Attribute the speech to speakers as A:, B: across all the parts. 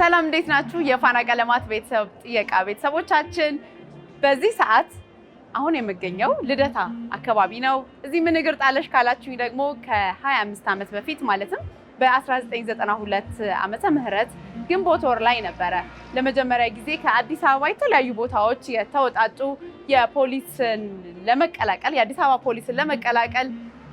A: ሰላም እንዴት ናችሁ? የፋና ቀለማት ቤተሰብ ጥየቃ ቤተሰቦቻችን፣ በዚህ ሰዓት አሁን የምገኘው ልደታ አካባቢ ነው። እዚህ ምን እግር ጣለሽ ካላችሁኝ ደግሞ ከ25 ዓመት በፊት ማለትም በ1992 ዓመተ ምህረት ግንቦት ወር ላይ ነበረ ለመጀመሪያ ጊዜ ከአዲስ አበባ የተለያዩ ቦታዎች የተወጣጡ የፖሊስን ለመቀላቀል የአዲስ አበባ ፖሊስን ለመቀላቀል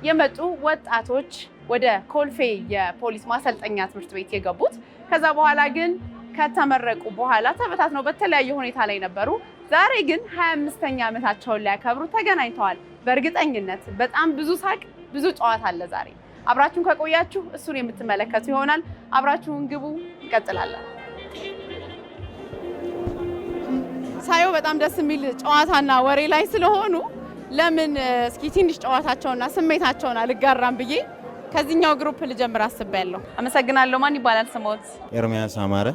A: የመጡ ወጣቶች ወደ ኮልፌ የፖሊስ ማሰልጠኛ ትምህርት ቤት የገቡት ከዛ በኋላ ግን ከተመረቁ በኋላ ተበታትነው በተለያየ ሁኔታ ላይ ነበሩ። ዛሬ ግን 25ኛ ዓመታቸውን ሊያከብሩ ተገናኝተዋል። በእርግጠኝነት በጣም ብዙ ሳቅ፣ ብዙ ጨዋታ አለ ዛሬ። አብራችሁን ከቆያችሁ እሱን የምትመለከቱ ይሆናል። አብራችሁን ግቡ። እንቀጥላለን። ሳየው በጣም ደስ የሚል ጨዋታና ወሬ ላይ ስለሆኑ ለምን እስኪ ትንሽ ጨዋታቸውና ስሜታቸውን አልጋራም ብዬ ከዚህኛው ግሩፕ ልጀምር አስቤያለሁ። አመሰግናለሁ። ማን ይባላል ስሞት? ኤርሚያስ አማረ።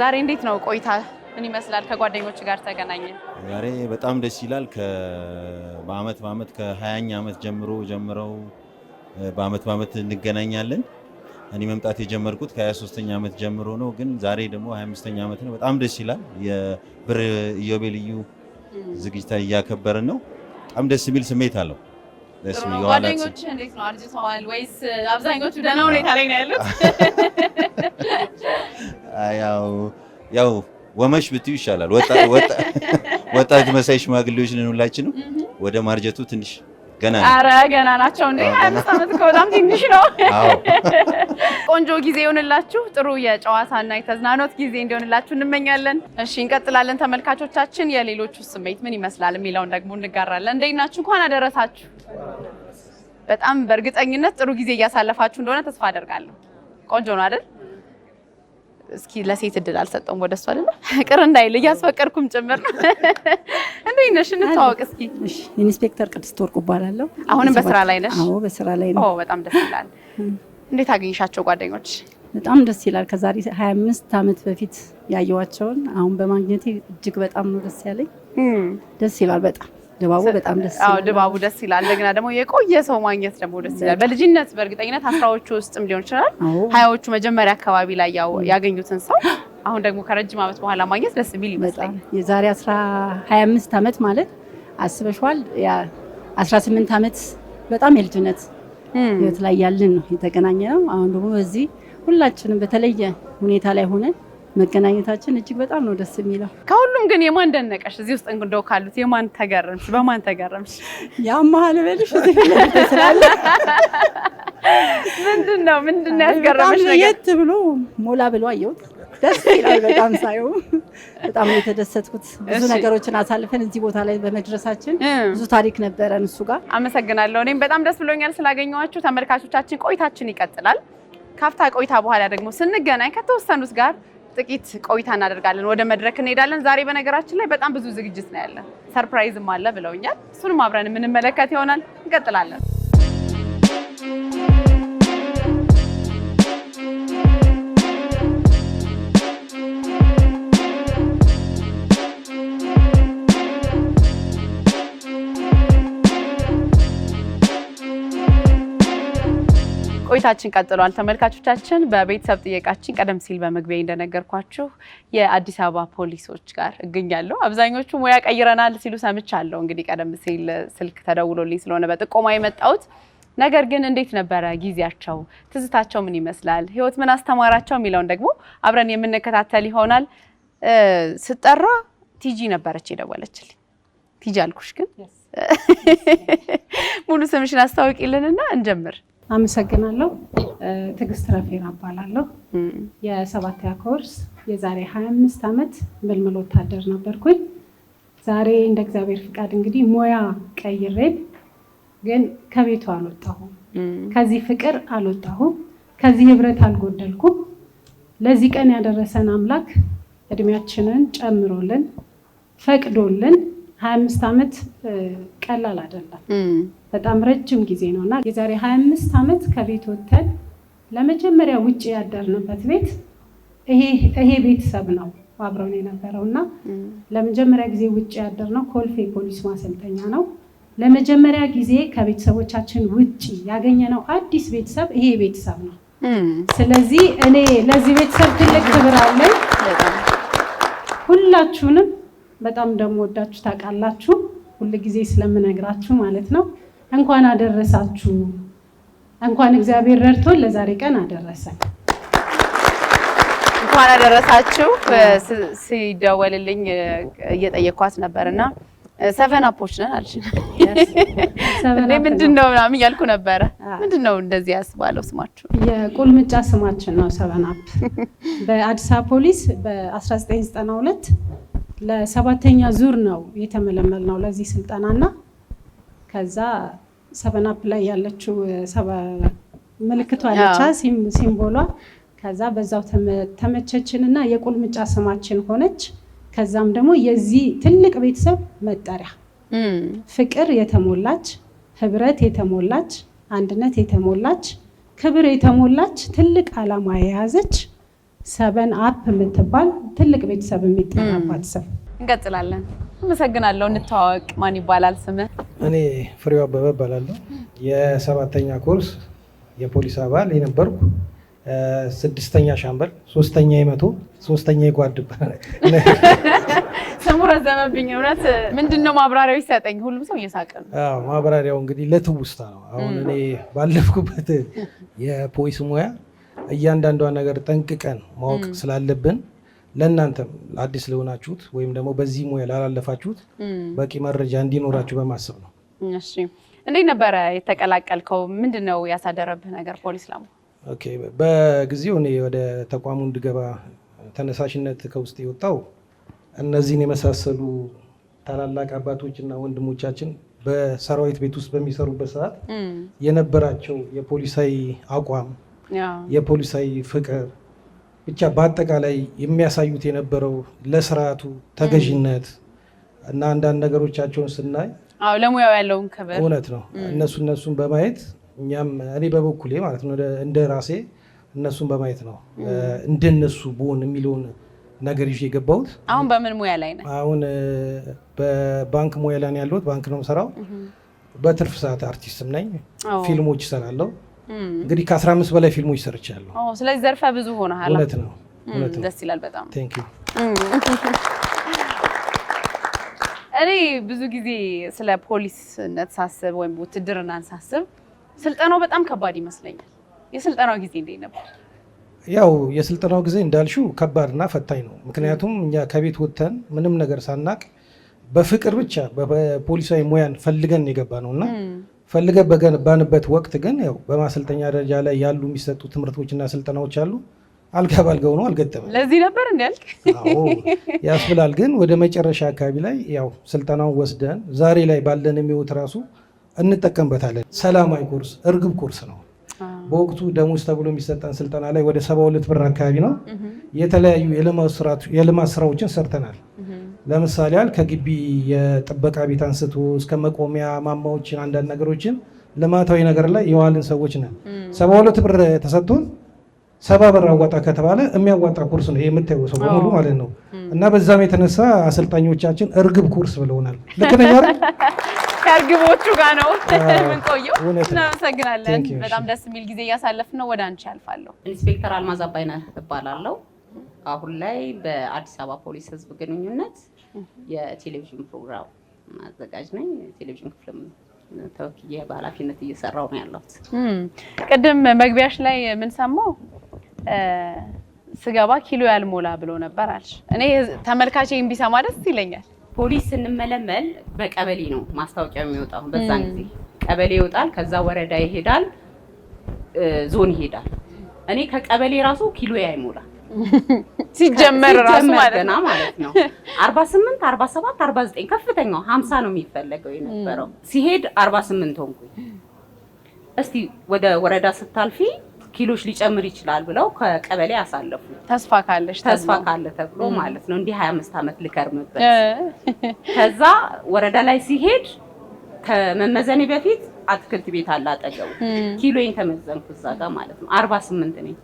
A: ዛሬ እንዴት ነው ቆይታ ምን ይመስላል? ከጓደኞች ጋር ተገናኘ። ዛሬ በጣም ደስ ይላል። በአመት በአመት ከሀያኛ ዓመት ጀምሮ ጀምረው በአመት በአመት እንገናኛለን። እኔ መምጣት የጀመርኩት ከ23ኛ ዓመት ጀምሮ ነው፣ ግን ዛሬ ደግሞ 25ኛ ዓመት ነው። በጣም ደስ ይላል። የብር ኢዮቤልዩ ዝግጅታ እያከበርን ነው። በጣም ደስ የሚል ስሜት አለው። ጓደኞችህ እንዴት ነው? አርጅተዋል ወይስ አብዛኞቹ ደህና ሁኔታ ላይ ነው ያሉት? ያው ወመሽ ብትዩ ይሻላል። ወጣት መሳይ ሽማግሌዎች ነን ሁላችንም። ወደ ማርጀቱ ትንሽ ገና አረ ገና ናቸው እንዴ! አምስት ዓመት በጣም ትንሽ ነው። ቆንጆ ጊዜ ይሆንላችሁ። ጥሩ የጨዋታና የተዝናኖት ጊዜ እንዲሆንላችሁ እንመኛለን። እሺ፣ እንቀጥላለን። ተመልካቾቻችን የሌሎቹ ስሜት ምን ይመስላል የሚለውን ደግሞ እንጋራለን። እንዴት ናችሁ? እንኳን አደረሳችሁ። በጣም በእርግጠኝነት ጥሩ ጊዜ እያሳለፋችሁ እንደሆነ ተስፋ አደርጋለሁ። ቆንጆ ነው አይደል? እስኪ ለሴት እድል አልሰጠውም። ወደ እሱ አይደለ ቅር እንዳይል እያስፈቀድኩም ጭምር ነው። እንዴት ነሽ? እንተዋወቅ እስኪ። ኢንስፔክተር ቅድስት ወርቁ እባላለሁ። አሁንም በስራ ላይ ነሽ? አዎ በስራ ላይ ነው። በጣም ደስ ይላል። እንዴት አገኘሻቸው ጓደኞች? በጣም ደስ ይላል። ከዛሬ 25 ዓመት በፊት ያየዋቸውን አሁን በማግኘቴ እጅግ በጣም ነው ደስ ያለኝ። ደስ ይላል በጣም ድባቡ በጣም ደስ ይላል። ድባቡ ደስ ይላል። እንደገና ደግሞ የቆየ ሰው ማግኘት ደግሞ ደስ ይላል። በልጅነት በእርግጠኝነት አስራዎቹ ውስጥም ሊሆን ይችላል ሀያዎቹ መጀመሪያ አካባቢ ላይ ያገኙትን ሰው አሁን ደግሞ ከረጅም ዓመት በኋላ ማግኘት ደስ የሚል ይመስላል። የዛሬ 25 ዓመት ማለት አስበሽዋል። 18 ዓመት በጣም የልጅነት ህይወት ላይ ያለን ነው የተገናኘ ነው። አሁን ደግሞ በዚህ ሁላችንም በተለየ ሁኔታ ላይ ሆነን መገናኘታችን እጅግ በጣም ነው ደስ የሚለው። ከሁሉም ግን የማን ደነቀሽ? እዚህ ውስጥ እንደው ካሉት የማን ተገረምሽ? በማን ተገረምሽ? ያመሀል በልሽ ስላለ ምንድን ነው ምንድን ነው ያስገረመሽ የት ብሎ ሞላ ብሎ አየሁት። ደስ ይላል በጣም ሳየው፣ በጣም ነው የተደሰትኩት። ብዙ ነገሮችን አሳልፈን እዚህ ቦታ ላይ በመድረሳችን ብዙ ታሪክ ነበረን እሱ ጋር። አመሰግናለሁ። እኔም በጣም ደስ ብሎኛል ስላገኘኋችሁ። ተመልካቾቻችን ቆይታችን ይቀጥላል። ካፍታ ቆይታ በኋላ ደግሞ ስንገናኝ ከተወሰኑት ጋር ጥቂት ቆይታ እናደርጋለን። ወደ መድረክ እንሄዳለን። ዛሬ በነገራችን ላይ በጣም ብዙ ዝግጅት ነው ያለ፣ ሰርፕራይዝም አለ ብለውኛል። እሱንም አብረን የምንመለከት ይሆናል። እንቀጥላለን። ቆይታችን ቀጥሏል። ተመልካቾቻችን በቤተሰብ ጥየቃችን ቀደም ሲል በመግቢያ እንደነገርኳችሁ የአዲስ አበባ ፖሊሶች ጋር እገኛለሁ። አብዛኞቹ ሙያ ቀይረናል ሲሉ ሰምቻለሁ። እንግዲህ ቀደም ሲል ስልክ ተደውሎልኝ ስለሆነ በጥቆማ የመጣሁት ነገር ግን እንዴት ነበረ ጊዜያቸው፣ ትዝታቸው ምን ይመስላል፣ ህይወት ምን አስተማራቸው የሚለውን ደግሞ አብረን የምንከታተል ይሆናል። ስጠራ ቲጂ ነበረች የደወለችልኝ። ቲጂ አልኩሽ ግን ሙሉ ስምሽን አስታውቂልንና እንጀምር። አመሰግናለሁ። ትዕግስት ረፌራ እባላለሁ። የሰባተኛ ኮርስ የዛሬ 25 ዓመት ምልምል ወታደር ነበርኩኝ። ዛሬ እንደ እግዚአብሔር ፍቃድ እንግዲህ ሙያ ቀይሬ ግን ከቤቱ አልወጣሁም። ከዚህ ፍቅር አልወጣሁም። ከዚህ ህብረት አልጎደልኩም። ለዚህ ቀን ያደረሰን አምላክ እድሜያችንን ጨምሮልን ፈቅዶልን ሀያ አምስት ዓመት ቀላል አይደለም፣ በጣም ረጅም ጊዜ ነው እና የዛሬ ሀያ አምስት ዓመት ከቤት ወተን ለመጀመሪያ ውጭ ያደርንበት ቤት ይሄ ቤተሰብ ነው አብረውን የነበረው እና ለመጀመሪያ ጊዜ ውጭ ያደርነው ኮልፌ ፖሊስ ማሰልጠኛ ነው። ለመጀመሪያ ጊዜ ከቤተሰቦቻችን ውጭ ያገኘነው አዲስ ቤተሰብ ይሄ ቤተሰብ ነው። ስለዚህ እኔ ለዚህ ቤተሰብ ትልቅ ክብር አለኝ። ሁላችሁንም በጣም እንደምወዳችሁ ታውቃላችሁ፣ ሁል ጊዜ ስለምነግራችሁ ማለት ነው። እንኳን አደረሳችሁ። እንኳን እግዚአብሔር ረድቶን ለዛሬ ቀን አደረሰ እንኳን አደረሳችሁ። ሲደወልልኝ እየጠየኳት ነበርና ሰቨን አፖች ነን አልሽ። ምንድን ነው ምናምን እያልኩ ነበረ። ምንድን ነው እንደዚህ ያስባለው ስማችሁ? የቁልምጫ ስማችን ነው ሰቨን አፕ። በአዲስ ፖሊስ በ1992 ለሰባተኛ ዙር ነው የተመለመል ነው ለዚህ ስልጠና እና ከዛ ሰበናፕ ላይ ያለችው ምልክቷ አለቻ ሲምቦሏ። ከዛ በዛው ተመቸችን እና የቁልምጫ ስማችን ሆነች። ከዛም ደግሞ የዚህ ትልቅ ቤተሰብ መጠሪያ ፍቅር የተሞላች ህብረት የተሞላች አንድነት የተሞላች ክብር የተሞላች ትልቅ ዓላማ የያዘች ሰበን አፕ የምትባል ትልቅ ቤተሰብ የሚጠናባት ስም። እንቀጥላለን። አመሰግናለሁ። እንተዋወቅ። ማን ይባላል ስም? እኔ ፍሬው አበበ እባላለሁ። የሰባተኛ ኮርስ የፖሊስ አባል የነበርኩ ስድስተኛ ሻምበል፣ ሶስተኛ የመቶ ሶስተኛ የጓድ ስሙ ረዘመብኝ። እውነት ምንድን ነው ማብራሪያው ይሰጠኝ። ሁሉም ሰው እየሳቀ ነው። ማብራሪያው እንግዲህ ለትውስታ ነው። አሁን እኔ ባለፍኩበት የፖሊስ ሙያ እያንዳንዷን ነገር ጠንቅቀን ማወቅ ስላለብን ለእናንተም አዲስ ለሆናችሁት ወይም ደግሞ በዚህ ሙያ ላላለፋችሁት በቂ መረጃ እንዲኖራችሁ በማሰብ ነው። እንዴት ነበረ የተቀላቀልከው? ምንድን ነው ያሳደረብህ ነገር? ፖሊስ ላ በጊዜው እኔ ወደ ተቋሙ እንድገባ ተነሳሽነት ከውስጥ የወጣው እነዚህን የመሳሰሉ ታላላቅ አባቶችና ወንድሞቻችን በሰራዊት ቤት ውስጥ በሚሰሩበት ሰዓት የነበራቸው የፖሊሳዊ አቋም የፖሊሳዊ ፍቅር ብቻ በአጠቃላይ የሚያሳዩት የነበረው ለስርዓቱ ተገዥነት እና አንዳንድ ነገሮቻቸውን ስናይ ለሙያው ያለውን ክብር እውነት ነው። እነሱ እነሱን በማየት እኛም እኔ በበኩሌ ማለት ነው እንደ ራሴ እነሱን በማየት ነው እንደነሱ ብሆን የሚለውን ነገር ይዤ የገባሁት። አሁን በምን ሙያ ላይ ነው? አሁን በባንክ ሙያ ላይ ያለሁት ባንክ ነው የምሰራው። በትርፍ ሰዓት አርቲስትም ነኝ። ፊልሞች እሰራለሁ። እንግዲህ ከአስራ አምስት በላይ ፊልሞች ሰርቻለሁ። ስለዚህ ዘርፈ ብዙ ሆነሃል። እውነት ነው፣ እውነት ነው። ደስ ይላል በጣም ቴንክ ዩ። እኔ ብዙ ጊዜ ስለ ፖሊስነት ሳስብ ወይም ውትድርናን ሳስብ ስልጠናው በጣም ከባድ ይመስለኛል። የስልጠናው ጊዜ እንዴት ነበር? ያው የስልጠናው ጊዜ እንዳልሽው ከባድና ፈታኝ ነው። ምክንያቱም እኛ ከቤት ወጥተን ምንም ነገር ሳናቅ በፍቅር ብቻ በፖሊሳዊ ሙያን ፈልገን የገባ ነው እና ፈልገ በገባንበት ወቅት ግን ያው በማሰልጠኛ ደረጃ ላይ ያሉ የሚሰጡ እና ስልጠናዎች አሉ። አልጋ ባልጋው ነው አልገጠመ። ለዚህ ነበር እንደ ያልክ ያስብላል። ግን ወደ መጨረሻ አካባቢ ላይ ያው ስልጠናውን ወስደን ዛሬ ላይ ባለን የሚወት ራሱ እንጠቀምበታለን። ሰላማዊ ኮርስ እርግብ ኮርስ ነው። በወቅቱ ደሞዝ ተብሎ የሚሰጠን ስልጠና ላይ ወደ ሰባ ሁለት ብር አካባቢ ነው። የተለያዩ የልማት ስራዎችን ሰርተናል። ለምሳሌ ያህል ከግቢ የጥበቃ ቤት አንስቶ እስከ መቆሚያ ማማዎችን አንዳንድ ነገሮችን ልማታዊ ነገር ላይ የዋልን ሰዎች ነን። ሰባ ሁለት ብር ተሰጥቶን ሰባ ብር አዋጣ ከተባለ የሚያዋጣ ኩርስ ነው የምታየው ሰው በሙሉ ማለት ነው። እና በዛም የተነሳ አሰልጣኞቻችን እርግብ ኩርስ ብለውናል። ልክ ነኝ ከእርግቦቹ ጋር ነው የምንቆየው። እናመሰግናለን። በጣም ደስ የሚል ጊዜ እያሳለፍን ነው። ወደ አንቺ አልፋለሁ። ኢንስፔክተር አልማዝ አባይነህ እባላለሁ። አሁን ላይ በአዲስ አበባ ፖሊስ ህዝብ ግንኙነት የቴሌቪዥን ፕሮግራም አዘጋጅ ነኝ። ቴሌቪዥን ክፍልም ተወክዬ በኃላፊነት እየሰራው ነው ያለሁት። ቅድም መግቢያሽ ላይ የምንሰማው ስገባ ኪሎ ያልሞላ ብሎ ነበር አልሽ። እኔ ተመልካቼ ቢሰማ ደስ ይለኛል። ፖሊስ ስንመለመል በቀበሌ ነው ማስታወቂያ የሚወጣው። በዛን ጊዜ ቀበሌ ይወጣል፣ ከዛ ወረዳ ይሄዳል፣ ዞን ይሄዳል። እኔ ከቀበሌ ራሱ ኪሎ አይሞላ ሲጀመር ራሱ ማለት ነው ማለት ነው 48 47 49 ከፍተኛው 50 ነው የሚፈለገው የነበረው። ሲሄድ 48 ሆንኩኝ። እስቲ ወደ ወረዳ ስታልፊ ኪሎች ሊጨምር ይችላል ብለው ከቀበሌ አሳለፉ። ተስፋ ካለሽ ተስፋ ካለ ተብሎ ማለት ነው እንዲህ 25 ዓመት ልከርምበት። ከዛ ወረዳ ላይ ሲሄድ ከመመዘኔ በፊት አትክልት ቤት አለ አጠገቡ። ኪሎዬን ተመዘንኩ እዛ ጋር ማለት ነው 48 ነኝ።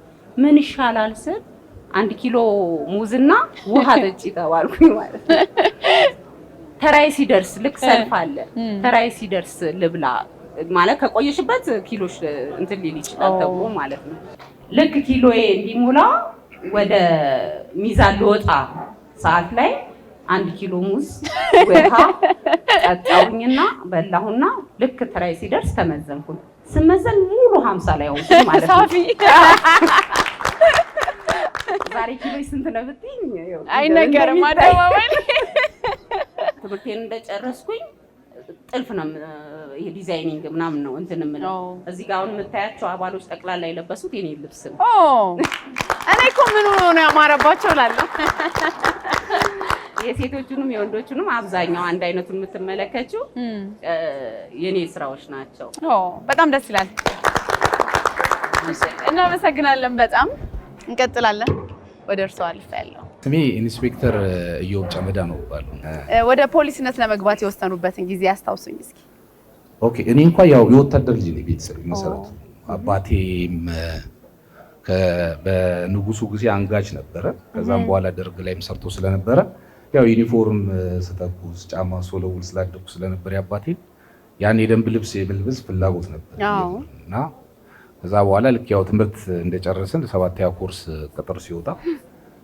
A: ምን ይሻላል ስል አንድ ኪሎ ሙዝና ውሃ ጠጪ ተባልኩኝ ማለት ነው። ተራይ ሲደርስ ልክ ሰልፍ አለ። ተራይ ሲደርስ ልብላ ማለት ከቆየሽበት ኪሎሽ እንትን ሊል ይችላል ተብሎ ማለት ነው። ልክ ኪሎዬ እንዲሞላ ወደ ሚዛን ልወጣ ሰዓት ላይ አንድ ኪሎ ሙዝ ውሃ ጠጣሁኝና በላሁና ልክ ተራይ ሲደርስ ተመዘንኩኝ። ስመዘን ሙሉ ሀምሳ ላይ ሆንኩኝ ማለት ነው። ዛሬ ኪሎ ስንት ነው ብትይኝ አይነገርም። አደባባይ ትምህርቴን እንደጨረስኩኝ ጥልፍ ነው የዲዛይኒንግ ምናምን ነው እንትን የምለው። እዚህ ጋር አሁን የምታያቸው አባሎች ጠቅላላ የለበሱት የኔ ልብስ ነው። እኔ እኮ ምን ነው ያማረባቸው እላለሁ። የሴቶቹንም የወንዶቹንም አብዛኛው አንድ አይነቱን የምትመለከችው የኔ ስራዎች ናቸው። በጣም ደስ ይላል። እናመሰግናለን። በጣም እንቀጥላለን። ወደ እርሶ አልፍ ያለው ስሜ ኢንስፔክተር እዮብ ጨመዳ ነው ባሉ ወደ ፖሊስነት ለመግባት የወሰኑበትን ጊዜ አስታውሱኝ እስኪ። ኦኬ እኔ እንኳ ያው የወታደር ልጅ ነኝ። ቤተሰብ መሰረቱ አባቴም በንጉሱ ጊዜ አንጋጅ ነበረ። ከዛም በኋላ ደርግ ላይም ሰርቶ ስለነበረ ያው ዩኒፎርም ስተኩስ ጫማ ሶለውል ስላደኩ ስለነበር ያባቴ ያን የደንብ ልብስ የመልበስ ፍላጎት ነበር እና ከዛ በኋላ ልክ ያው ትምህርት እንደጨረስን ሰባተኛ ኮርስ ቅጥር ሲወጣ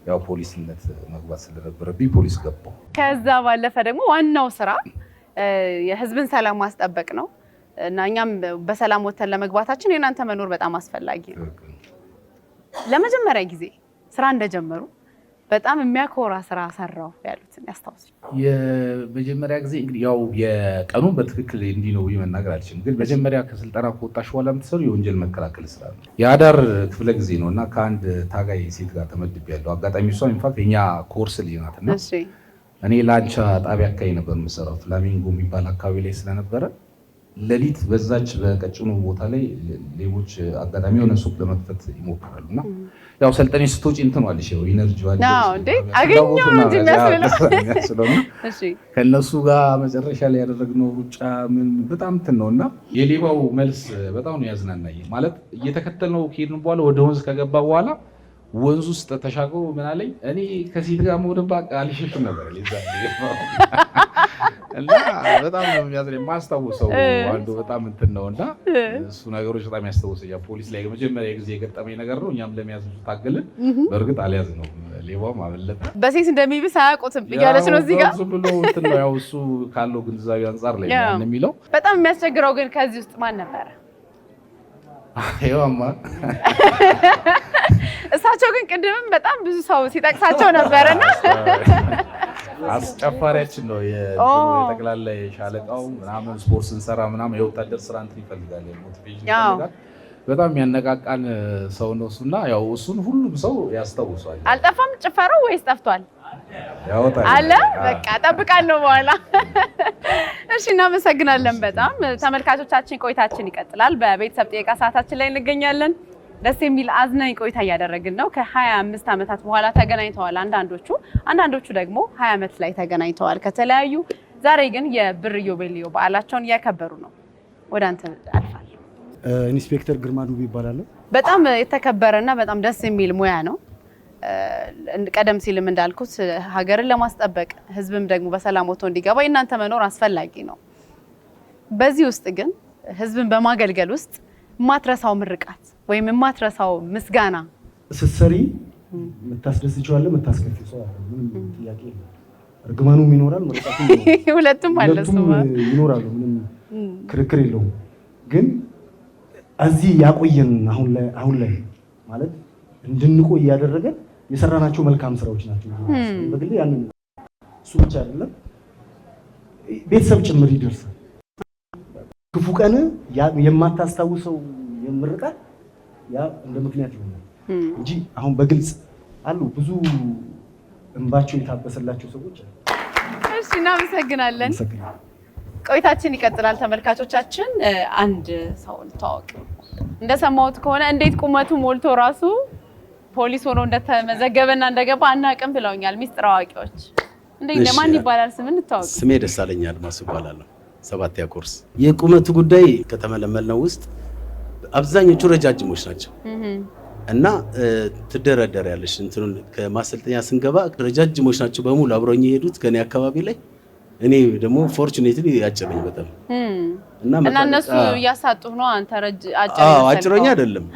A: ያው ፖሊስነት መግባት ስለነበረብኝ ፖሊስ ገባው። ከዛ ባለፈ ደግሞ ዋናው ስራ የህዝብን ሰላም ማስጠበቅ ነው እና እኛም በሰላም ወተን ለመግባታችን የእናንተ መኖር በጣም አስፈላጊ ነው። ለመጀመሪያ ጊዜ ስራ እንደጀመሩ በጣም የሚያኮራ ስራ ሰራው ያሉትን ያስታውሱ። የመጀመሪያ ጊዜ ያው የቀኑን በትክክል እንዲህ ነው መናገር አልችልም፣ ግን መጀመሪያ ከስልጠና ከወጣሽ በኋላ የምትሰሩ የወንጀል መከላከል ስራ ነው። የአዳር ክፍለ ጊዜ ነው እና ከአንድ ታጋይ ሴት ጋር ተመድብ ያለው አጋጣሚ እሷ ኢንፋክት የኛ ኮርስ ልጅ ናት እና እኔ ላንቻ ጣቢያ አካባቢ ነበር የምሰራው ፍላሚንጎ የሚባል አካባቢ ላይ ስለነበረ ሌሊት በዛች በቀጭኑ ቦታ ላይ ሌቦች አጋጣሚ የሆነ ሱቅ ለመክፈት ይሞክራሉ እና ያው ሰልጠኔ ስትወጪ እንትን አለሽ ያው ኢነርጂ አለሽ አገኘሁ እንጂ የሚያስብለው ከእነሱ ጋር መጨረሻ ላይ ያደረግነው ሩጫ ምን በጣም እንትን ነው እና የሌባው መልስ በጣም ነው ያዝናናኝ። ማለት እየተከተልነው ከሄድን በኋላ ወደ ወንዝ ከገባ በኋላ ወንዝ ውስጥ ተሻግሮ ምን አለኝ፣ እኔ ከሴት ጋር መሆን መውደባ አልሸሽም ነበር እና በጣም ነው የማስታውሰው። አንዱ በጣም እንትን ነው እና እሱ ነገሮች በጣም ያስታውሰኛል። ፖሊስ ላይ መጀመሪያ ጊዜ የገጠመኝ ነገር ነው። እኛም ለመያዝ ታገልን። በእርግጥ አልያዝ ነው ሌባም አበለጠ። በሴት እንደሚብስ አያውቁትም እያለች ነው እዚህ ጋር ብሎ እንትን ነው ያው እሱ ካለው ግንዛቤ አንጻር ላይ ነው የሚለው በጣም የሚያስቸግረው ግን ከዚህ ውስጥ ማን ነበረ? ይኸዋማ እሳቸው ግን ቅድምም በጣም ብዙ ሰው ሲጠቅሳቸው ነበርና አስጨፋሪያችን ነው። የጠቅላላ የሻለቃው ምናምን ስፖርት ስንሰራ ምናምን የወታደር ስራ እንትን ይፈልጋል፣ ሞቲቬሽን ይፈልጋል። በጣም የሚያነቃቃን ሰው ነው እሱና ያው እሱን ሁሉም ሰው ያስታውሷል። አልጠፋም ጭፈረው ወይስ ጠፍቷል? አለ በቃ ነው በኋላ። እሺ እናመሰግናለን በጣም ተመልካቾቻችን። ቆይታችን ይቀጥላል። በቤተሰብ ጥየቃ ሰዓታችን ላይ እንገኛለን። ደስ የሚል አዝናኝ ቆይታ እያደረግን ነው። ከ25 ዓመታት በኋላ ተገናኝተዋል አንዳንዶቹ፣ አንዳንዶቹ ደግሞ 20 ዓመት ላይ ተገናኝተዋል ከተለያዩ። ዛሬ ግን የብር ኢዮቤልዩ በዓላቸውን እያከበሩ ነው። ወደ አንተ አልፋለሁ። ኢንስፔክተር ግርማ ዱቤ ይባላለሁ። በጣም የተከበረና በጣም ደስ የሚል ሙያ ነው። ቀደም ሲልም እንዳልኩት ሀገርን ለማስጠበቅ ህዝብም ደግሞ በሰላም ወጥቶ እንዲገባ የእናንተ መኖር አስፈላጊ ነው። በዚህ ውስጥ ግን ህዝብን በማገልገል ውስጥ የማትረሳው ምርቃት ወይም የማትረሳው ምስጋና ስትሰሪ የምታስደስችው አለ፣ የምታስከፊው ሰው አለ። ምንም ጥያቄ የለም። እርግማኑም ይኖራል፣ ሁለቱም ይኖራሉ። ምንም ክርክር የለውም። ግን እዚህ ያቆየን አሁን ላይ ማለት እንድንቆይ ያደረገን የሰራናቸው መልካም ስራዎች ናቸው። በግሌ ያንን እሱ ብቻ አይደለም ቤተሰብ ጭምር ይደርሳል። ክፉ ቀን የማታስታውሰው የምርቃት ያ እንደ ምክንያት ይሆናል እንጂ አሁን በግልጽ አሉ ብዙ እንባቸው የታበሰላቸው ሰዎች። እሺ፣ እናመሰግናለን። ቆይታችን ይቀጥላል። ተመልካቾቻችን አንድ ሰው ልተዋወቅ። እንደሰማሁት ከሆነ እንዴት ቁመቱ ሞልቶ ራሱ ፖሊስ ሆኖ እንደተመዘገበና እንደገባ አናውቅም ብለውኛል ሚስጥር አዋቂዎች። እንዴት ለማን ይባላል? ስም እንታወቅ። ስሜ ደሳለኝ አድማስ ይባላለሁ። ሰባት ያኮርስ የቁመቱ ጉዳይ ከተመለመልነው ውስጥ አብዛኞቹ ረጃጅሞች ናቸው እና ትደረደር ያለች እንትኑን ከማሰልጠኛ ስንገባ ረጃጅሞች ናቸው በሙሉ አብረኝ የሄዱት ከኔ አካባቢ ላይ እኔ ደግሞ ፎርቹኔትሊ ያጨበኝ በጣም እና እነሱ እያሳጡ ነው። አንተ አጭረኛ አይደለም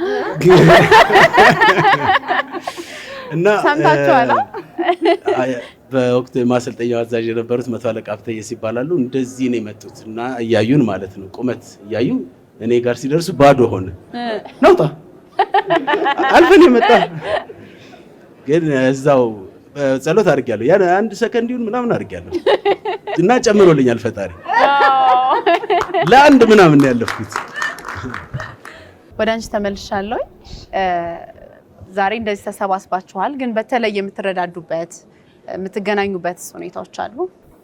A: እና በወቅቱ የማሰልጠኛው አዛዥ የነበሩት መቶ አለቃ ፍተየስ ይባላሉ። እንደዚህ ነው የመጡት እና እያዩን ማለት ነው ቁመት እያዩ እኔ ጋር ሲደርስ ባዶ ሆነ። ነውጣ አልፈን የመጣ ግን እዛው ጸሎት አድርጊያለሁ። ያን አንድ ይሁን ምናምን አድርጊያለሁ እና ጨምሮልኛል ፈጣሪ። ለአንድ ምናምን ያለፍኩት ወደ አንቺ ተመልሻለሁ። ዛሬ እንደዚህ ተሰባስባችኋል፣ ግን በተለይ የምትረዳዱበት የምትገናኙበት ሁኔታዎች አሉ።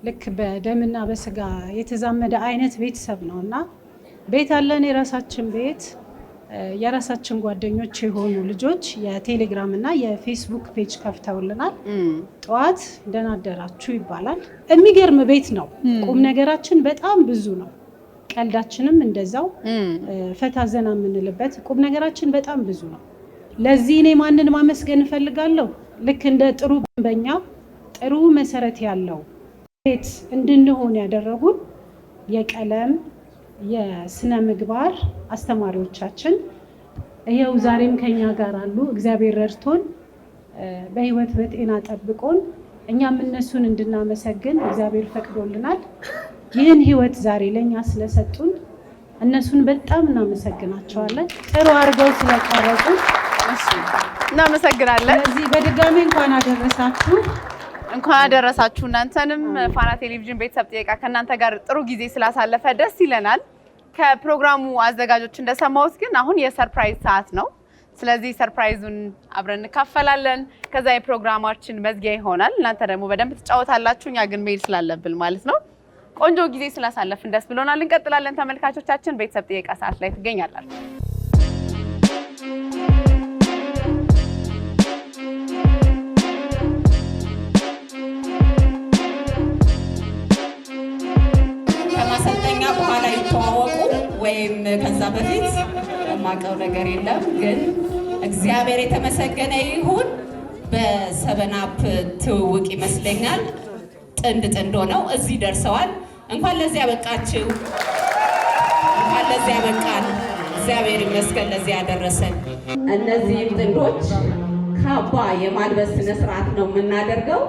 A: ልክ በደምና በስጋ የተዛመደ አይነት ቤተሰብ ነው እና ቤት አለን። የራሳችን ቤት የራሳችን ጓደኞች የሆኑ ልጆች የቴሌግራም እና የፌስቡክ ፔጅ ከፍተውልናል። ጠዋት ደህና አደራችሁ ይባላል። የሚገርም ቤት ነው። ቁም ነገራችን በጣም ብዙ ነው። ቀልዳችንም እንደዛው ፈታ ዘና የምንልበት ቁም ነገራችን በጣም ብዙ ነው። ለዚህ እኔ ማንን ማመስገን እፈልጋለሁ? ልክ እንደ ጥሩ በኛ ጥሩ መሰረት ያለው ቤት እንድንሆን ያደረጉን የቀለም የስነ ምግባር አስተማሪዎቻችን ይኸው ዛሬም ከኛ ጋር አሉ። እግዚአብሔር ረድቶን በህይወት በጤና ጠብቆን እኛም እነሱን እንድናመሰግን እግዚአብሔር ፈቅዶልናል። ይህን ህይወት ዛሬ ለእኛ ስለሰጡን እነሱን በጣም እናመሰግናቸዋለን። ጥሩ አድርገው ስለቀረጹ እናመሰግናለን። ስለዚህ በድጋሚ እንኳን አደረሳችሁ እንኳን አደረሳችሁ። እናንተንም ፋና ቴሌቪዥን ቤተሰብ ጥየቃ ከእናንተ ጋር ጥሩ ጊዜ ስላሳለፈ ደስ ይለናል። ከፕሮግራሙ አዘጋጆች እንደሰማሁት ግን አሁን የሰርፕራይዝ ሰዓት ነው። ስለዚህ ሰርፕራይዙን አብረን እንካፈላለን። ከዛ የፕሮግራማችን መዝጊያ ይሆናል። እናንተ ደግሞ በደንብ ትጫወታላችሁ፣ እኛ ግን መሄድ ስላለብን ማለት ነው። ቆንጆ ጊዜ ስላሳለፍን ደስ ብሎናል። እንቀጥላለን። ተመልካቾቻችን ቤተሰብ ጥየቃ ሰዓት ላይ ትገኛላችሁ። ከዛ በፊት የማውቀው ነገር የለም ግን እግዚአብሔር የተመሰገነ ይሁን። በሰበናፕ ትውውቅ ይመስለኛል ጥንድ ጥንድ ሆነው እዚህ ደርሰዋል። እንኳን ለዚ በቃችው እንኳን ለዚ ያበቃል። እግዚአብሔር ይመስገን ለዚህ ያደረሰን። እነዚህም ጥንዶች ካባ የማልበስ ስነስርዓት ነው የምናደርገው።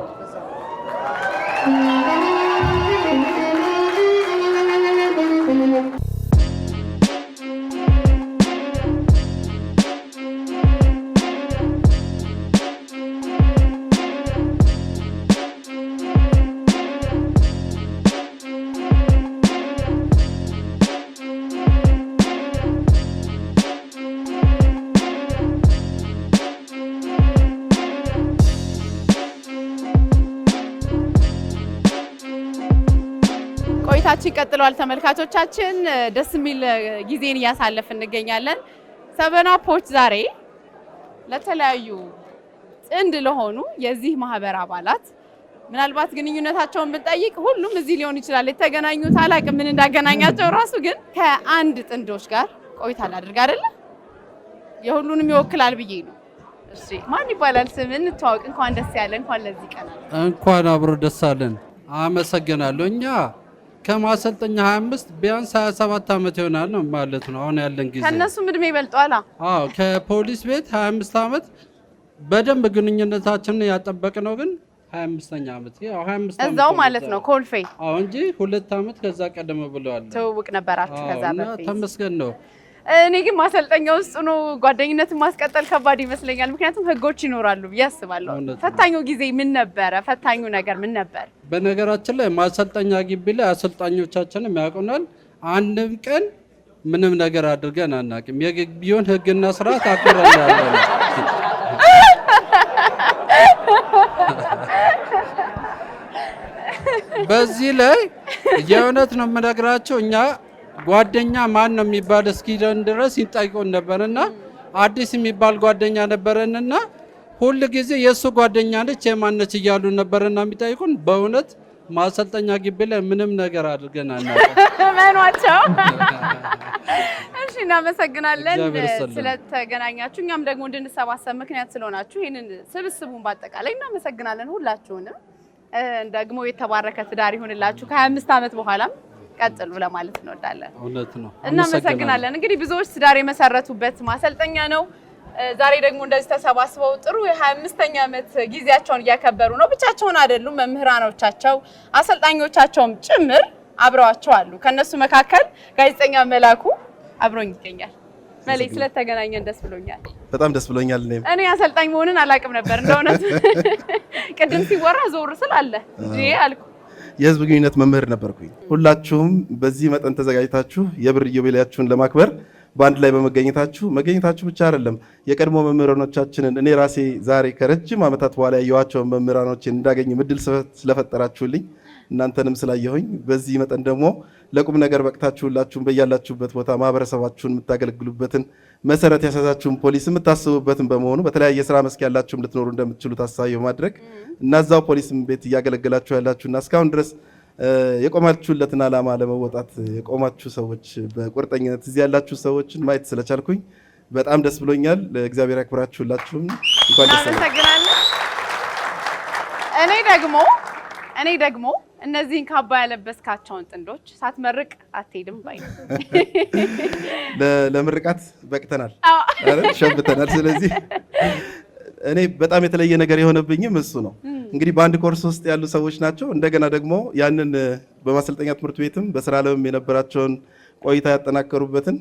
A: ዝግጅቶች ይቀጥለዋል። ተመልካቾቻችን ደስ የሚል ጊዜን እያሳለፍ እንገኛለን። ሰበና ፖች ዛሬ ለተለያዩ ጥንድ ለሆኑ የዚህ ማህበር አባላት ምናልባት ግንኙነታቸውን ብንጠይቅ ሁሉም እዚህ ሊሆን ይችላል የተገናኙት። አላቅም ምን እንዳገናኛቸው ራሱ ግን ከአንድ ጥንዶች ጋር ቆይታ ላድርግ አይደለ? የሁሉንም ይወክላል ብዬ ነው። እሺ ማን ይባላል? ስም እንተዋወቅ። እንኳን ደስ ያለ። እንኳን ለዚህ ቀን እንኳን አብሮ ደስ አለን። አመሰግናለሁ እኛ ከማሰልጠኛ 25 ቢያንስ 27 ዓመት ይሆናል ነው ማለት ነው። አሁን ያለን ጊዜ ከእነሱም እድሜ ይበልጧል። አዎ ከፖሊስ ቤት 25 ዓመት በደንብ ግንኙነታችንን ያጠበቅ ነው ግን 25ኛ ዓመት ያው 25 እዛው ማለት ነው ኮልፌ። አዎ እንጂ ሁለት ዓመት ከዛ ቀደም ብለዋል። ትውውቅ ነበራችሁ ከዛ በፊት ተመስገን ነው። እኔ ግን ማሰልጠኛ ውስጥ ሆኖ ጓደኝነትን ማስቀጠል ከባድ ይመስለኛል። ምክንያቱም ህጎች ይኖራሉ ብዬ አስባለሁ። ፈታኙ ጊዜ ምን ነበረ? ፈታኙ ነገር ምን ነበር? በነገራችን ላይ ማሰልጠኛ ግቢ ላይ አሰልጣኞቻችንም ያውቁናል። አንድም ቀን ምንም ነገር አድርገን አናውቅም። የግቢውን ህግና ስርዓት አክብረን በዚህ ላይ የእውነት ነው የምነግራቸው እኛ ጓደኛ ማን ነው የሚባል እስኪደን ድረስ ይጠይቁን ነበርና አዲስ የሚባል ጓደኛ ነበረንና ሁል ጊዜ የእሱ ጓደኛ ነች የማነች እያሉ ነበርና የሚጠይቁን በእውነት ማሰልጠኛ ግቢ ላይ ምንም ነገር አድርገን አናውቅም። መኗቸው። እሺ፣ እናመሰግናለን ስለተገናኛችሁ፣ እኛም ደግሞ እንድንሰባሰብ ምክንያት ስለሆናችሁ ይህንን ስብስቡን በአጠቃላይ እናመሰግናለን ሁላችሁንም። ደግሞ የተባረከ ትዳር ይሁንላችሁ ከ25 ዓመት በኋላም ቀጥሉ ለማለት እንወዳለን። እውነት ነው። እናመሰግናለን። እንግዲህ ብዙዎች ትዳር የመሰረቱበት ማሰልጠኛ ነው። ዛሬ ደግሞ እንደዚህ ተሰባስበው ጥሩ የ25ኛ ዓመት ጊዜያቸውን እያከበሩ ነው። ብቻቸውን አይደሉም። መምህራኖቻቸው አሰልጣኞቻቸውም ጭምር አብረዋቸው አሉ። ከእነሱ መካከል ጋዜጠኛ መላኩ አብሮኝ ይገኛል። መሌ ስለተገናኘን ደስ ብሎኛል። በጣም ደስ ብሎኛል። እኔም እኔ አሰልጣኝ መሆንን አላውቅም ነበር እንደእውነት ቅድም ሲወራ ዞር ስል አለ እንጂ አልኩ የህዝብ ግንኙነት መምህር ነበርኩኝ። ሁላችሁም በዚህ መጠን ተዘጋጅታችሁ የብር ኢዮቤልያችሁን ለማክበር በአንድ ላይ በመገኘታችሁ መገኘታችሁ ብቻ አይደለም የቀድሞ መምህራኖቻችንን እኔ ራሴ ዛሬ ከረጅም ዓመታት በኋላ ያየኋቸውን መምህራኖችን እንዳገኝ ምድል ስለፈጠራችሁልኝ እናንተንም ስላየሁኝ በዚህ መጠን ደግሞ ለቁም ነገር በቅታችሁላችሁን በያላችሁበት ቦታ ማህበረሰባችሁን የምታገለግሉበትን መሰረት ያሳዛችሁን ፖሊስ የምታስቡበትን በመሆኑ በተለያየ ስራ መስክ ያላችሁም ልትኖሩ እንደምትችሉ ታሳቢ በማድረግ እና እዛው ፖሊስ ቤት እያገለገላችሁ ያላችሁና እስካሁን ድረስ የቆማችሁለትን ዓላማ ለመወጣት የቆማችሁ ሰዎች በቁርጠኝነት እዚህ ያላችሁ ሰዎችን ማየት ስለቻልኩኝ በጣም ደስ ብሎኛል። እግዚአብሔር ያክብራችሁ። እንኳን ደስ አመሰግናለሁ። እኔ ደግሞ እኔ ደግሞ እነዚህን ካባ ያለበስካቸውን ጥንዶች ሳትመርቅ አትሄድም ባይ ለምርቃት በቅተናል፣ ሸብተናል። ስለዚህ እኔ በጣም የተለየ ነገር የሆነብኝም እሱ ነው። እንግዲህ በአንድ ኮርስ ውስጥ ያሉ ሰዎች ናቸው። እንደገና ደግሞ ያንን በማሰልጠኛ ትምህርት ቤትም በስራ ዓለምም የነበራቸውን ቆይታ ያጠናከሩበትን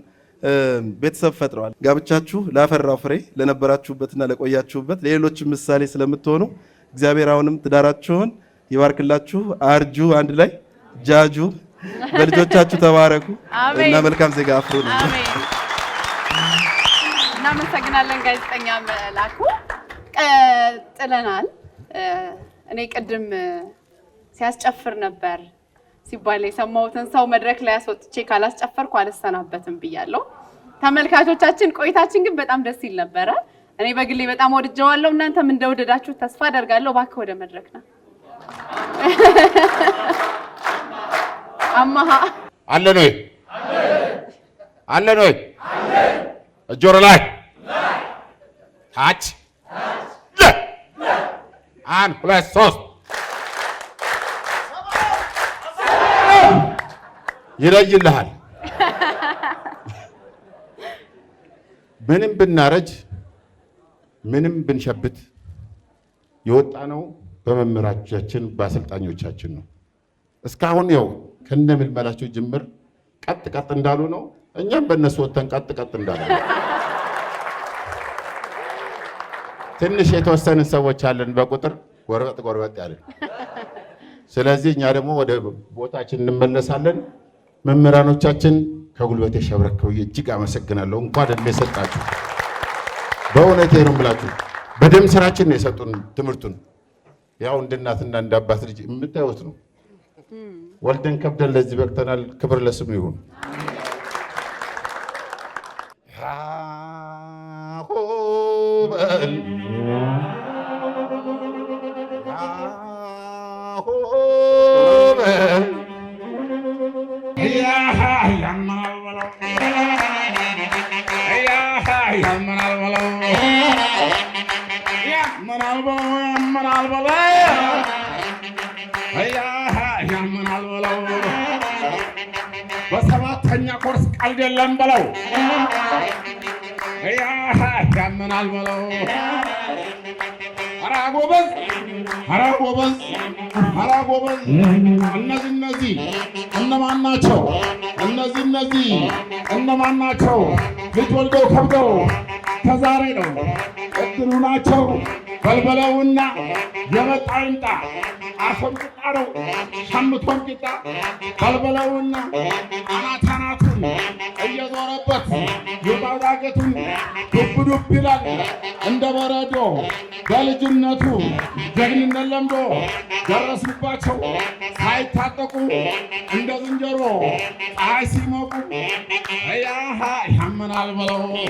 A: ቤተሰብ ፈጥረዋል። ጋብቻችሁ ላፈራው ፍሬ ለነበራችሁበትና ለቆያችሁበት ለሌሎችም ምሳሌ ስለምትሆኑ እግዚአብሔር አሁንም ትዳራችሁን ይባርክላችሁ። አርጁ አንድ ላይ ጃጁ፣ በልጆቻችሁ ተባረኩ እና መልካም ዜጋ አፍሩ ነው። እናመሰግናለን ጋዜጠኛ መላኩ። ቀጥለናል። እኔ ቅድም ሲያስጨፍር ነበር ሲባል የሰማሁትን ሰው መድረክ ላይ አስወጥቼ ካላስጨፈርኩ አልሰናበትም ብያለሁ። ተመልካቾቻችን ቆይታችን ግን በጣም ደስ ይል ነበረ። እኔ በግሌ በጣም ወድጀዋለሁ። እናንተም እንደወደዳችሁ ተስፋ አደርጋለሁ። እባክህ ወደ መድረክ ነው አማሃ አለን ወይ አለን ወይ? እጆሮ ላይ ታች አንድ ሁለት ሶስት ይለይልሃል። ምንም ብናረጅ ምንም ብንሸብት የወጣ ነው። በመምህራቻችን በአሰልጣኞቻችን ነው። እስካሁን ያው ከነ ምልመላቸው ጅምር ቀጥ ቀጥ እንዳሉ ነው። እኛም በእነሱ ወተን ቀጥ ቀጥ እንዳሉ ትንሽ የተወሰንን ሰዎች አለን በቁጥር ጎርበጥ ጎርበጥ ያለን። ስለዚህ እኛ ደግሞ ወደ ቦታችን እንመለሳለን። መምህራኖቻችን ከጉልበት የሸብረከው እጅግ አመሰግናለሁ። እንኳን እድሜ ሰጣችሁ። በእውነት ነው የምላችሁ፣ በደም ስራችን ነው የሰጡን ትምህርቱን። ያው እንደ እናትና እንደ አባት ልጅ የምታዩት ነው። ወልደን ከብደን ለዚህ በቅተናል። ክብር ለስሙ ይሁን። ያመናል በለው ያመናል በለው በሰባተኛ ኮርስ ቀልድ የለም በለው ያመናል በለው ኧረ ጎበዝ ኧረ ጎበዝ ኧረ ጎበዝ እነዚህ እነዚህ እነማን ናቸው? እነዚህ እነዚህ እነማን ናቸው? ልጅ ወልደው ከብደው ተዛሬ ነው እድሉ ናቸው በልበለውና የመጣ ይምጣ። አርሶም ቂጣ ነው፣ ሸምቶም ቂጣ በልበለውና አናት አናቱን እየዞረበት የውጣው ዱብ ዱብ ይላል እንደ በረዶ። በልጅነቱ ጀግንነት ለምዶ ደረሱባቸው ሳይታጠቁ እንደ ዝንጀሮ ፀሐይ ሲሞቁ ያሃ ያመናል በለው